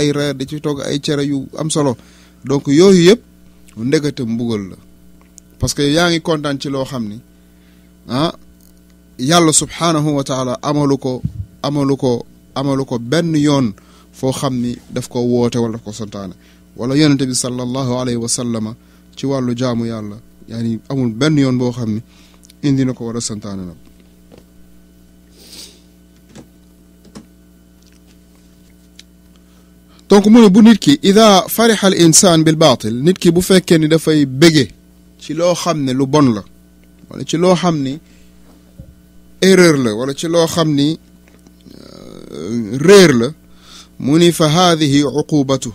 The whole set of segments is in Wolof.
ay reer da ci toog ay cere yu am solo donc yooyu yëpp ndekete mbugal la parce que yaa ngi kontaan ci loo xam ni ah yàlla subhaanahu wa taala amalu ko amalu ko amalu ko benn yoon foo xam ni daf ko woote wala daf ko santaane wala te bi sallallahu alayhi wa sallama ci wàllu jaamu yàlla yaani amul benn yoon boo xam ni indi na ko war a santaane na donc mu bu nit ki ida farixa al insaan bil baatil nit ki bu fekkee ni dafay bége ci loo xam ne lu bon la wala ci loo xam ni erreur la wala ci loo xam ni euh, réer la mu ni fa haadihi uqubatu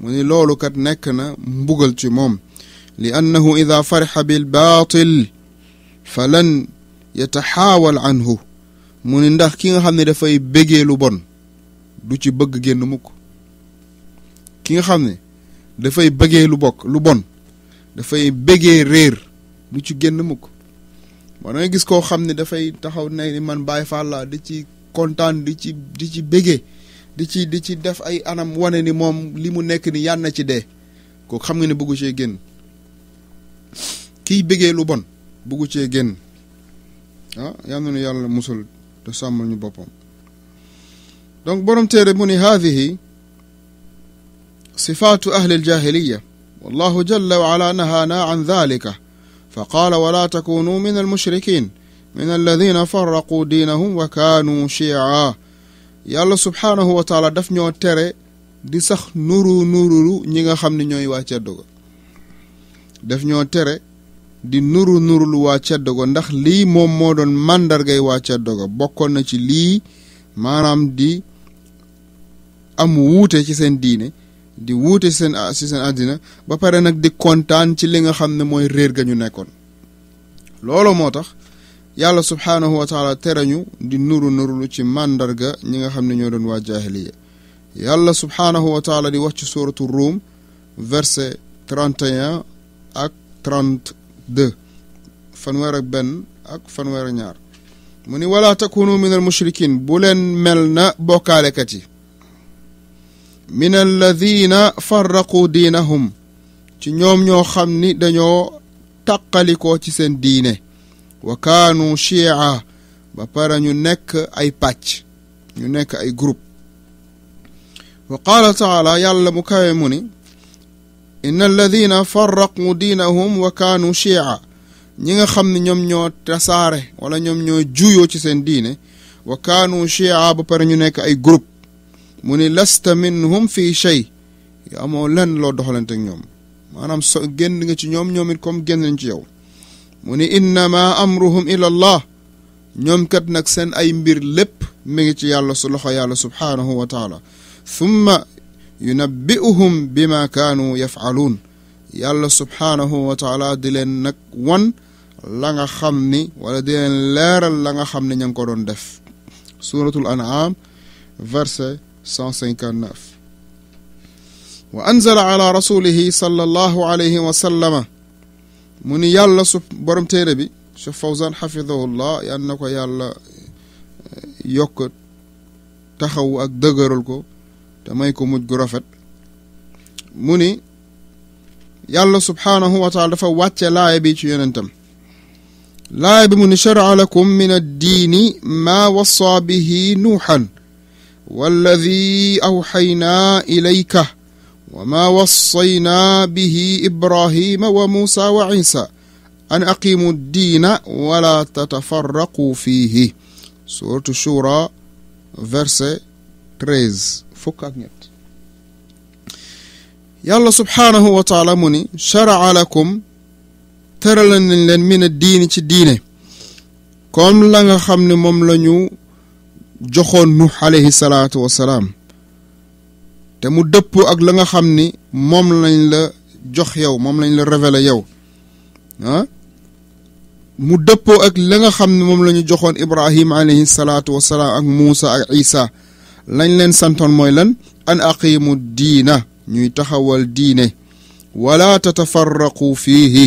mu loolu kat nekk na mbugal ci moom li annahu ida farixa bil baatil fa lan yataxaawal anhu mu ndax ki nga xam ni dafay bégee lu bon du ci bëgg génn ki nga xam ne dafay bëggee lu bokk lu bon dafay bëggee réer lu ci génn mukk moo da gis koo xam ne dafay taxaw ne ni man Baay Faal di ci kontaan di ci di ci bëggee di ci di ci def ay anam wane ni moom li mu nekk ni yànn na ci dee kooku xam nga ne bëggu cee génn kiy bëggee lu bon bëggu cee génn ah yal yàlla musul te sàmmal ñu boppam donc borom téere mu ni haafihi صفات أهل الجاهلية والله جل وعلا نهانا عن ذلك فقال ولا تكونوا من المشركين من الذين فرقوا دينهم وكانوا شيعا yàlla subhaanahu wa ñoo tere di sax nuru nurulu ñi nga xam ni ñooy waa ceddo ga daf ñoo tere di nuru nurulu waa ceddo ga ndax lii moom moo doon màndargay waa ceddo ga bokkoon na ci lii maanaam di am wuute ci seen diine di wuute seen si seen àddina ba pare nag di kontaan ci li nga xam ne mooy réer ga ñu nekkoon loolu moo tax yàlla subhaanahu wa tere ñu di nuru nurulu ci màndarga ñi nga xam ne ñoo doon waa jaahiliya yàlla subhaanahu wa taala di wax ci suratu ruum verset 31 ak 32 fanweer ak benn ak fanweer ak ñaar mu ni wala takunu min al mushrikin bu leen mel na bokkaalekat yi min alladina farraqu diinahum ci ñoom ñoo xam ni dañoo tàqalikoo ci seen diine wa kaanu chia ba pare ñu nekk ay pàcc ñu nekk ay groupe wa qaala taala yàlla mu kawe mu ni in alladina farraqu diinahum wa kaanu chia ñi nga xam ne ñoom ñoo tasaare wala ñoom ñoo juyoo ci seen diine wa kaanu chia ba pare ñu nekk ay groupe mu ni lasta minhum fii shay amoo lenn loo doxalante ak ñoom maanaam so génn nga ci ñoom ñoom it comme génn nañ ci yow mu ni innama amruhum ila allah ñoom kat nag seen ay mbir lépp mi ngi ci yàlla su loxo yàlla subhaanahu wa taala thumma yunabbi'uhum bima kaanu yafaaluun yàlla subhaanahu wa taala di leen nag wan la nga xam ni wala di leen leeral la nga xam ni ña ngi ko doon def suratul an'am verset 159 wa anzala ala rasulihi sallallahu alayhi wa sallama mu ni yàlla su borom téere bi Cheikh Fawzan xafidahullah yal na ko yàlla eh, yokk taxaw ak dëgëral ko te may ko mujj gu rafet mu ni yàlla subhaanahu wa taala dafa wàcce laaya bi ci yonentam laaya bi mu ni shara lakum min ad diini maa wasa bihi nuuxan walladi awxaynaa ilayka wa maa wassaynaa bihi ibrahima wa muusa wa isa an aqimu diina wala tatafarraqu fiihi suratu shura verset 13 fukk ak ñett yàlla subhaanahu wa taala mu ni charaa lakum tërala nañ leen min a diini ci diine comme la nga xam ne moom lañu joxoon nu alayhi salaatu wasalaam te mu dëppoo ak la nga xam ni moom lañ la jox yow moom lañ la révélé yow ah? mu dëppoo ak la nga xam ne moom la ñu joxoon ibrahim alayhi salaatu wasalaam ak muusa ak isa lañ leen santoon mooy lan an aqimu diina ñuy taxawal diine wala tatafarraqu fiihi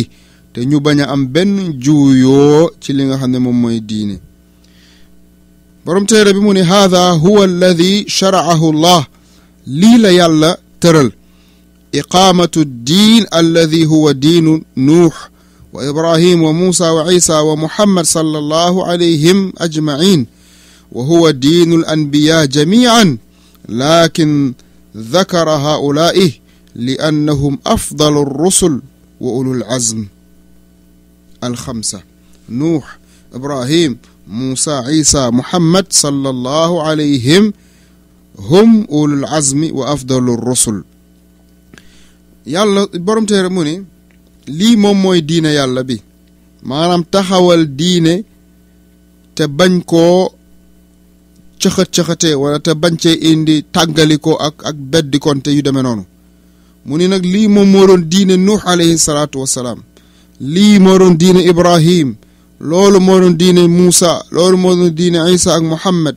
te ñu bañ a am benn juuyoo ci li nga xam ne moom mooy diine borom téere bi mu ni haada huwa alladi sharaahu llah lii la yàlla tëral iqaamatu diin alladi huwa diinu nuux wa ibrahim wa muusa wa isa wa muhammad sallallahu alayhim ajmain wa huwa diinu al anbiya jamian lakin dakara haulaai li annahum afdalu rusul wa ulul azm alxamsa nuux ibrahim Moussa Isa Muhammad sallallahu alayhim hum ulul azmi wa afdalu rusul yàlla borom téere mu lii moom mooy diine yàlla bi maanaam taxawal diine te bañ koo cëxat-cëxatee wala te bañ cee indi tàggalikoo ak ak beddi konte yu demee noonu mu ni nag lii moom diine nuux alayhi salaatu wassalaam lii moo doon diine ibrahim loolu moo doon diine Muusa loolu moo doon diine Isa ak Muhammad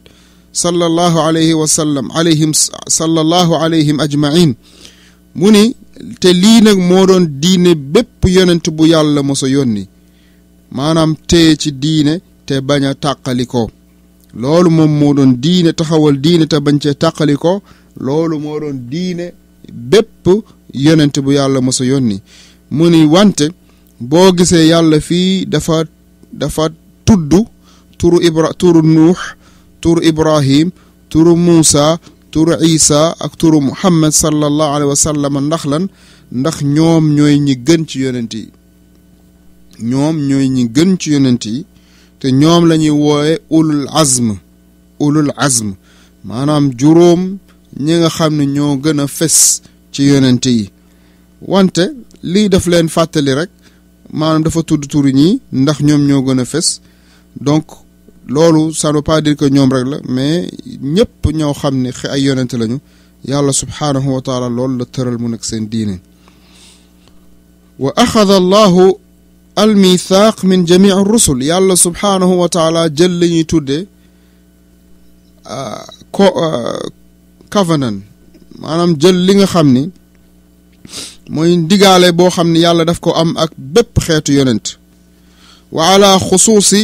sallallahu alayhi wa sallam alayhim sallallahu alayhim ajmain mu ni te lii nag moo doon diine bépp yonent bu yàlla mosa yónni maanaam tee ci diine te bañ a tàqalikoo loolu moom moo doon diine taxawal diine te bañ cee ko loolu moo doon diine bépp yonent bu yàlla mosa yonni mu wante boo gisee yàlla fii dafa dafa tudd turu ibra turu nuux turu ibrahim turu muusa turu isa ak turu muhammad sallallahu alayhi wa sallam ndax lan ndax ñoom ñooy ñi gën ci yonent yi ñoom ñooy ñi gën ci yonent yi te ñoom la ñuy woowe ulul azm ulul azm maanaam juróom ñi nga xam ni ñoo gën a fes ci yonent yi wante lii daf leen fàttali rek maanaam dafa tudd turu ñi ndax ñoom ñoo gën a fes donc loolu ça ne veut ñoom rek la mais ñëpp ñoo xam ne ay yonente lañu yàlla subhaanahu wa taala loolu la tëral mu nekk seen diine wa axada allahu al mithaaq min jamii rusul yàlla subhaanahu wa taala jël la ñuy tudde ko euh, euh, covenant maanaam jël li nga xam ni mooy ndigaale boo xam ne yàlla daf ko am ak bépp xeetu yonent wa ala xusuusi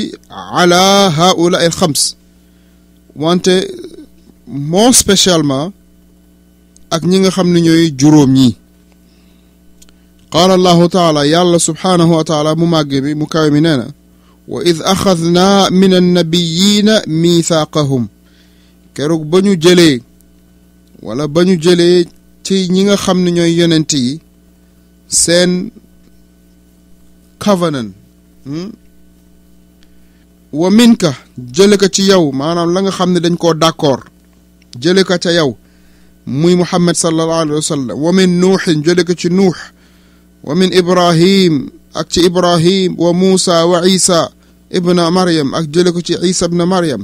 ala haula il xams wante moo spécialement ak ñi nga xam ni ñooy juróom ñi qaala allahu taala yàlla subhaanahu wa taala mu màgg mi mu kawe mi nee na wa id axadnaa min annabiyiina miithaaqahum keroog ba ñu jëlee wala ba ñu jëlee ci ñi nga xam ni ñooy yonent yi seen covenant hmm? wa minka jële ko ci yow maanaam la nga xam ne dañ koo d'accord jële ko ca yow muy muhammad sallallahu alayhi wa sallam wa min nuuxin jële ko ci nuux wa min ibrahim ak ci ibrahim wa muusa wa isa ibna maryam ak jële ko ci isa ibna maryam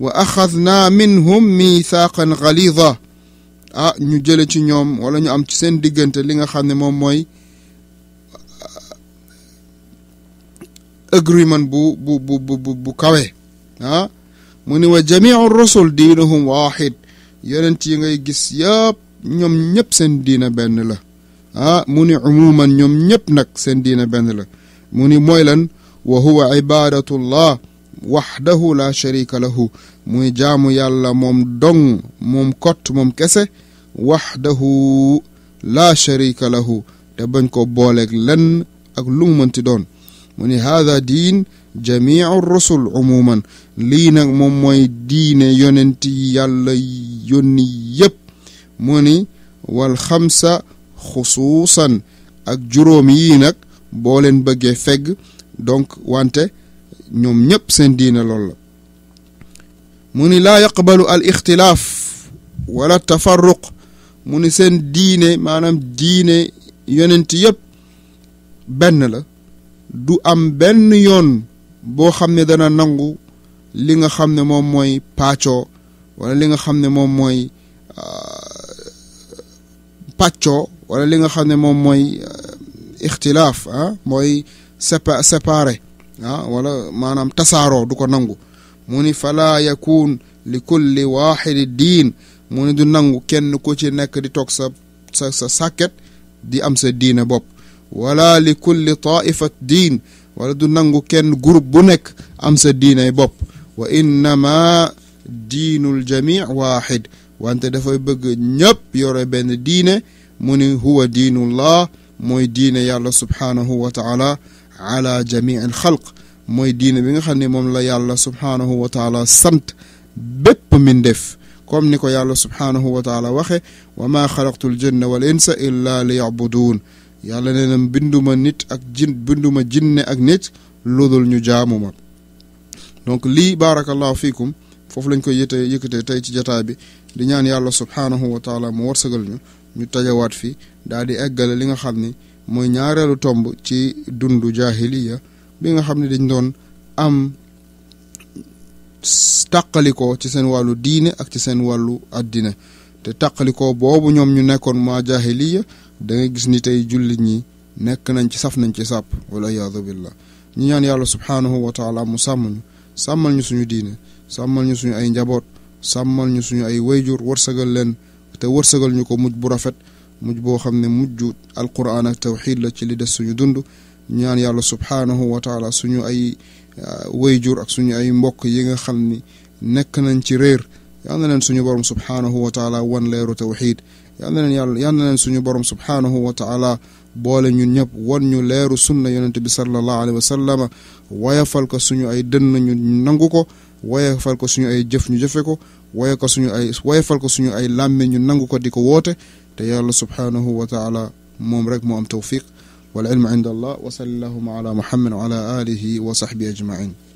wa axadnaa minhum mithaqan galida ah ñu jële ci ñoom wala ñu am ci seen diggante li nga xam ne moom mooy agreement bu bu bu bu kawe ah mu ni wa jamiu rusul diinuhum waahid yonent yi ngay gis yëpp ñoom ñëpp seen diina benn la ah mu ni umuman ñoom ñëpp nag seen diina benn la mu ni mooy lan wa huwa ibadatullah waxdahu la sharika lahu muy jaamu yàlla moom dong moom kott moom kese waxdahu laa sharika lahu te bañ ko booleeg lenn ak lu mu mënti doon muni ni haada diin jamiu rusul umuman lii nag moom mooy diine yonent yi yàlla yónni yépp mu ni wal xamsa xusuusan ak juróom yii nag boo leen bëggee fegg donc wante ñoom ñépp seen diine loolu la mu al ixtilaaf wala tafarruq mu ni seen diine maanaam diine yonent yëpp benn la du am benn yoon boo xam ne dana nangu li nga xam ne moom mooy paccoo wala li nga xam ne moom mooy euh, paccoo wala li nga xam ne moom mooy euh, ixtilaaf ah mooy sépa séparé ah, wala maanaam tasaaroo du ko nangu mu ni yakun li kulli waaxidi diin mu ne du nangu kenn ku ci nekk di toog sa sa sa sàkket di am sa diine bopp wala li kulli taifat diin wala du nangu kenn groupe bu nekk am sa diiney bopp wa innama diinul jamii waaxid wante dafay bëgg ñëpp yore benn diine mu ni huwa diinullah mooy diine yàlla subhaanahu wa taala ala mooy diine bi nga xam ne moom la yàlla subhaanahu wa taala sant bépp min def comme ni ko yàlla subhaanahu wa taala waxe wa maa xalaqtu l jinna wal insa illa li yabuduun yàlla nee na binduma nit ak jin binduma jinne ak nit ludul ñu jaamu ma donc lii baarakallahu fiikum foofu lañ ko yëte yëkkatee tey ci jataa bi di ñaan yàlla subhaanahu wa taala mu warsagal ñu ñu tajawaat fi daal di eggale li nga xam ni mooy ñaareelu tomb ci dundu jaahiliya bi nga xam ne dañ doon am taqali ko ci seen wàllu diine ak ci seen wàllu àddina te taqali ko boobu ñoom ñu nekkoon maa jaahiliya da nga gis ni tey jullit ñi nekk nañ ci saf nañ ci sàpp wala iyaadu billah ñu ñaan yàlla subhaanahu wa taala mu sàmm ñu ñu suñu diine sàmmal ñu suñu ay njaboot sàmmal ñu suñu ay wayjur wërsëgal leen te wërsëgal ñu ko muj bu rafet mujj boo xam ne mujj alquran ak tawxiid la ci li des suñu dund ñaan yàlla subhaanahu wa taala suñu ay woy jur ak suñu ay mbokk yi nga xam ne nekk nañ ci réer yal na leen suñu borom subhaanahu wa taala wan leeru tawxiid yal na leen yàlla yal leen suñu borom subhaanahu wa taala boole ñun ñëpp wan ñu leeru sunna yonente bi sallallahu alayhi wa sallama wayafal ko suñu ay dënn ñu nangu ko wayafal ko suñu ay jëf jëfe ko waye ko suñu ay wayafal ko suñu ay làmme ñu nangu ko di ko woote te yàlla subhaanahu wa taala moom rek moo am tawfiq wal ilmu inda allah wa salli allahuma ala muhammad wa ala alihi wa sahbihi ajmain